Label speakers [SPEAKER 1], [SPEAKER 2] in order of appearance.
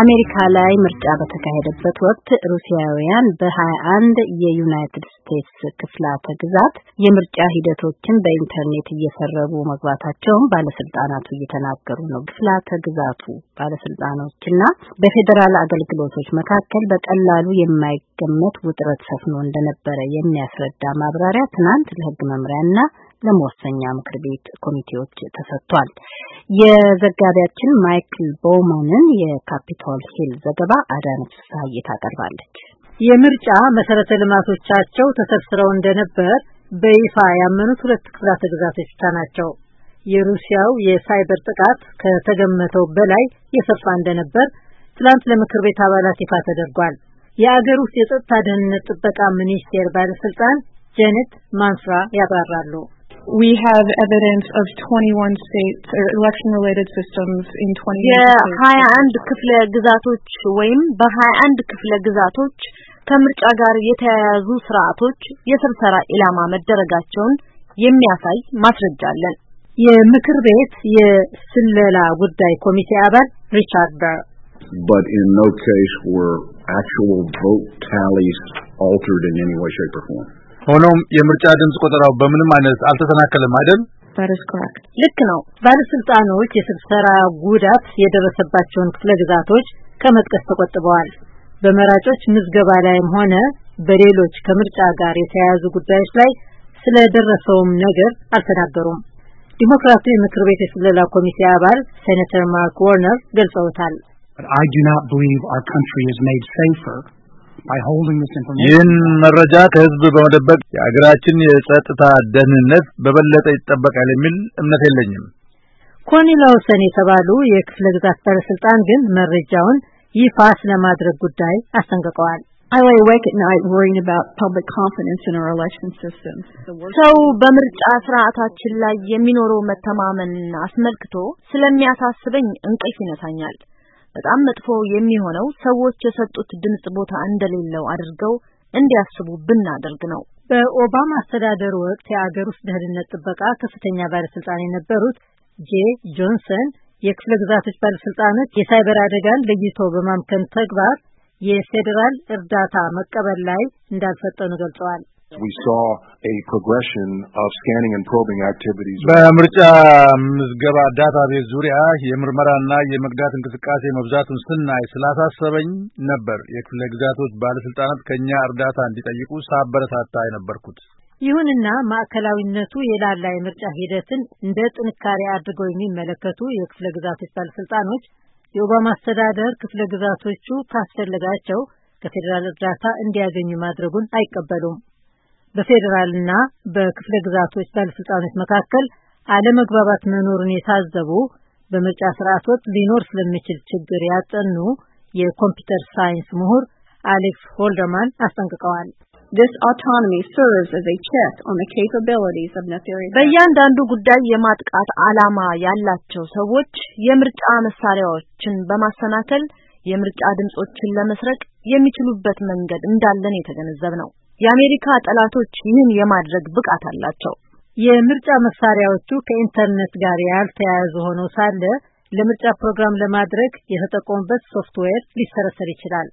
[SPEAKER 1] አሜሪካ ላይ ምርጫ በተካሄደበት ወቅት ሩሲያውያን በ21 የዩናይትድ ስቴትስ ክፍላተ ግዛት የምርጫ ሂደቶችን በኢንተርኔት እየሰረቡ መግባታቸውን ባለስልጣናቱ እየተናገሩ ነው። ክፍላተ ግዛቱ ባለስልጣኖችና በፌዴራል አገልግሎቶች መካከል በቀላሉ የማይገመት ውጥረት ሰፍኖ እንደነበረ የሚያስረዳ ማብራሪያ ትናንት ለህግ መምሪያና ለመወሰኛ ምክር ቤት ኮሚቴዎች ተሰጥቷል። የዘጋቢያችን ማይክል ቦውማንን የካፒቶል ሂል ዘገባ አዳነች ሳይ ታቀርባለች።
[SPEAKER 2] የምርጫ መሰረተ ልማቶቻቸው ተሰርስረው እንደነበር በይፋ ያመኑት ሁለት ክፍላተ ግዛቶች ብቻ ናቸው። የሩሲያው የሳይበር ጥቃት ከተገመተው በላይ የሰፋ እንደነበር ትላንት ለምክር ቤት አባላት ይፋ ተደርጓል። የአገር ውስጥ የጸጥታ ደህንነት ጥበቃ ሚኒስቴር ባለስልጣን ጄኔት ማንፍራ ያብራራሉ።
[SPEAKER 3] we have evidence of 21 states or election related systems in 20 የ21 ክፍለ ግዛቶች ወይም በ21 ክፍለ ግዛቶች ከምርጫ ጋር የተያያዙ ስርዓቶች የስርሰራ ኢላማ መደረጋቸውን የሚያሳይ ማስረጃ አለን።
[SPEAKER 2] የምክር ቤት የስለላ ጉዳይ ኮሚቴ አባል ሪቻርድ ባር
[SPEAKER 1] but in no case were actual vote tallies altered in any way
[SPEAKER 4] shape or form ሆኖም የምርጫ ድምጽ ቆጠራው በምንም አይነት አልተሰናከለም አይደል?
[SPEAKER 2] ልክ ነው። ባለስልጣኖች የስብሰራ ጉዳት የደረሰባቸውን ክፍለ ግዛቶች ከመጥቀስ ተቆጥበዋል። በመራጮች ምዝገባ ላይም ሆነ በሌሎች ከምርጫ ጋር የተያያዙ ጉዳዮች ላይ ስለደረሰውም ነገር አልተናገሩም። ዲሞክራቱ የምክር ቤት የስለላ ኮሚቴ አባል ሴኔተር ማርክ ወርነር ገልጸውታል።
[SPEAKER 4] I do not believe our country is made safer ይህን መረጃ ከህዝብ በመደበቅ የአገራችን የጸጥታ ደህንነት በበለጠ ይጠበቃል የሚል እምነት የለኝም።
[SPEAKER 2] ኮኒ ላውሰን የተባሉ የክፍለ ግዛት ባለስልጣን ግን መረጃውን ይፋ ስለማድረግ ጉዳይ አስጠንቅቀዋል።
[SPEAKER 3] ሰው በምርጫ ስርዓታችን ላይ የሚኖረው መተማመን አስመልክቶ ስለሚያሳስበኝ እንቅልፍ ይነሳኛል። በጣም መጥፎ የሚሆነው ሰዎች የሰጡት ድምጽ ቦታ እንደሌለው አድርገው እንዲያስቡ ብናደርግ ነው። በኦባማ አስተዳደር ወቅት የአገር ውስጥ ደህንነት ጥበቃ ከፍተኛ ባለስልጣን
[SPEAKER 2] የነበሩት ጄ ጆንሰን የክፍለ ግዛቶች ባለስልጣኖች የሳይበር አደጋን ለይቶ በማምከን ተግባር የፌዴራል እርዳታ መቀበል ላይ እንዳልፈጠኑ
[SPEAKER 4] ገልጸዋል። በምርጫ ምዝገባ ዳታቤዝ ዙሪያ የምርመራና የመግዳት እንቅስቃሴ መብዛቱን ስናይ ስላሳሰበኝ ነበር የክፍለ ግዛቶች ባለስልጣናት ከእኛ እርዳታ እንዲጠይቁ ሳበረታታ የነበርኩት።
[SPEAKER 2] ይሁንና ማዕከላዊነቱ የላላ የምርጫ ሂደትን እንደ ጥንካሬ አድርገው የሚመለከቱ የክፍለ ግዛቶች ባለስልጣኖች የኦባማ አስተዳደር ክፍለ ግዛቶቹ ካስፈለጋቸው ከፌዴራል እርዳታ እንዲያገኙ ማድረጉን አይቀበሉም። በፌዴራልና በክፍለ ግዛቶች ባለስልጣኖች መካከል አለመግባባት መኖሩን የታዘቡ በምርጫ ስርዓት ወቅት ሊኖር ስለሚችል ችግር ያጠኑ የኮምፒውተር ሳይንስ ምሁር አሌክስ ሆልደርማን አስጠንቅቀዋል።
[SPEAKER 3] በእያንዳንዱ ጉዳይ የማጥቃት ዓላማ ያላቸው ሰዎች የምርጫ መሳሪያዎችን በማሰናከል የምርጫ ድምጾችን ለመስረቅ የሚችሉበት መንገድ እንዳለን የተገነዘብ ነው። የአሜሪካ ጠላቶች ይህን የማድረግ ብቃት አላቸው። የምርጫ መሳሪያዎቹ ከኢንተርኔት
[SPEAKER 2] ጋር ያልተያያዙ ሆኖ ሳለ ለምርጫ ፕሮግራም ለማድረግ የተጠቆሙበት ሶፍትዌር ሊሰረሰር ይችላል።